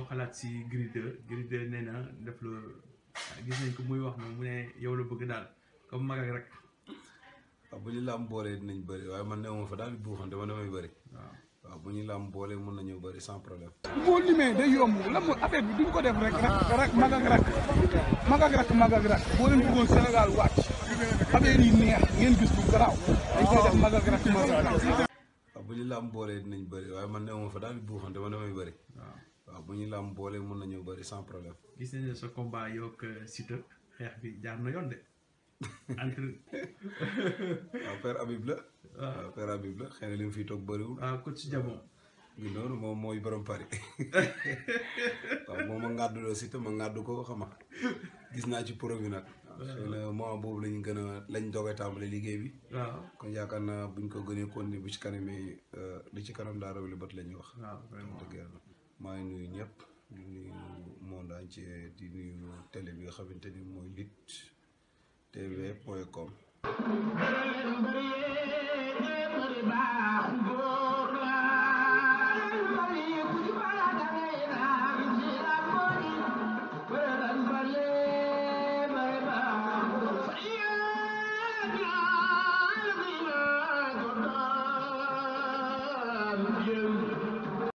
loo xalaat si Gris 2 Gris 2 na def la gis nañ ko muy wax na mu ne yow la bëgg daal comme mag rek. waaw bu ñu laam boolee dinañ bëri waaye man néew ma fa daal bu xam dama damay bëri. waaw bu ñu laam boolee mën nañu bëri sans problème. la mu affaire bi duñ waaw waaye man néew fa daal bu xam dama damay waaw bu ñu làmb boole mën nañu bari sans problème. gis nañu sa combat yokk sita xeex bi jaar na yoon de. entre. waaw la. Ah. waaw père la xëy na li mu toog bariwul ah ci Diabon. gi noonu moom mooy moom ma ngàddu la Siteu ngàddu ko xama gis naa ci pro nag. Ah. xëy na moment boobu lañ gën a lañ doogay tàmbali liggéey bi. Ah. kon yaakaar naa buñ ko gënee continuer bu ci kanamee euh, li ci kanam daa raw li bët la ñuy wax. maa ngi nuyu ñëpp di nuyu monde entier di nuyu télé bi nga xamante ni mooy lutte tv point com